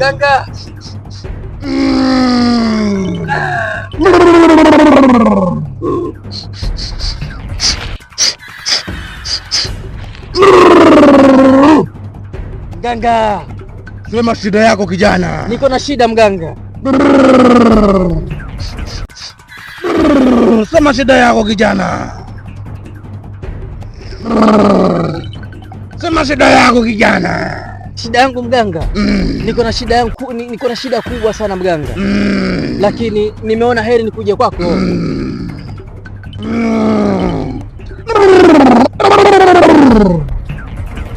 mganga. Mganga, sema shida yako kijana. Niko na shida mganga. Sema shida yako kijana. Sema shida yako kijana. Shida yangu mganga, mm. niko na shida yangu, niko na shida kubwa sana mganga, mm. lakini nimeona heri nikuje kwako, mm. mm.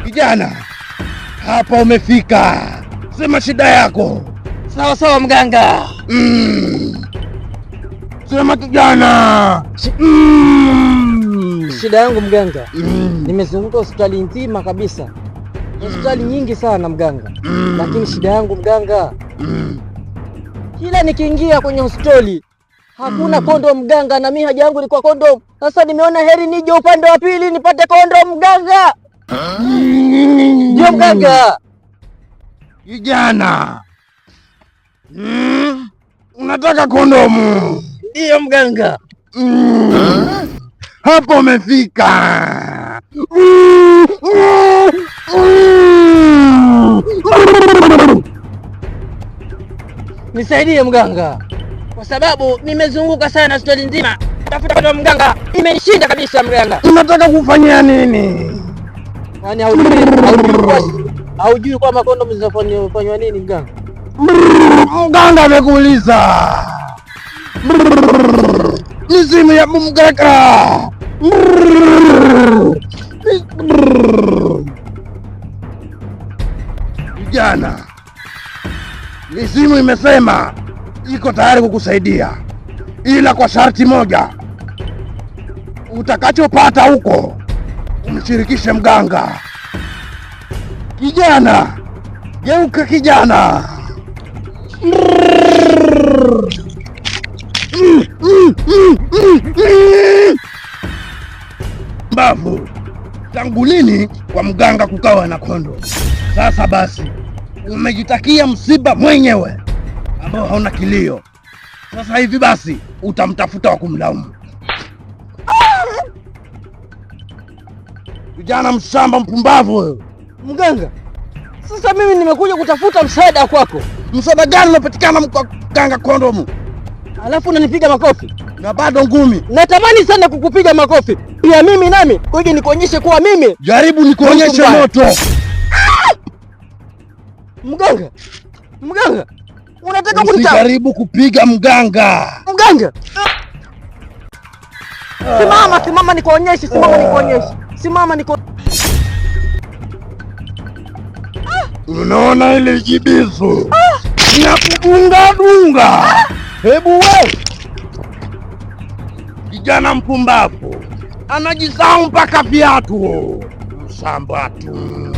Kijana, hapa umefika, sema shida yako. Sawa sawa mganga, mm. sema kijana. Sh mm. shida yangu mganga, mm. nimezunguka hospitali nzima kabisa hospitali mm. nyingi sana mganga, mm. lakini shida yangu mganga, mm. kila nikiingia kwenye hospitali hakuna kondom mganga, na mimi haja yangu ilikuwa kondom. Sasa nimeona heri nije upande wa pili nipate kondom mganga. Ndio mganga, kijana unataka kondomu? Ndiyo mganga, hapo umefika. nisaidie mganga, kwa sababu nimezunguka sana hospitali nzima tafuta kwa mganga, imenishinda kabisa. Mganga, unataka kufanyia nini? Yaani haujui kwamba kondomu zinafanywa nini? Mganga, mganga amekuuliza mizimu ya mumgaka vijana Mizimu imesema iko tayari kukusaidia, ila kwa sharti moja, utakachopata huko umshirikishe mganga. Kijana, geuka kijana. Mbavu, tangu lini kwa mganga kukawa na kondo? Sasa basi Umejitakia msiba mwenyewe ambao hauna kilio. Sasa hivi basi utamtafuta wa kumlaumu. Kijana mshamba mpumbavu wewe. Mganga, sasa mimi nimekuja kutafuta msaada kwako. Msaada gani unapatikana mganga Kondomu? Alafu unanipiga makofi na bado ngumi. Natamani sana kukupiga makofi pia mimi nami kuja nikuonyeshe kuwa mimi. Jaribu nikuonyeshe moto. Mganga, mganga, unataka kunita? Usikaribu kupiga mganga. Mganga, simama, simama nikuonyeshe, simama nikuonyeshe, simama niko. Unaona ile jibizo na nakudunga dunga. Hebu we kijana mpumbavu, anajisahau mpaka viatu, msambatu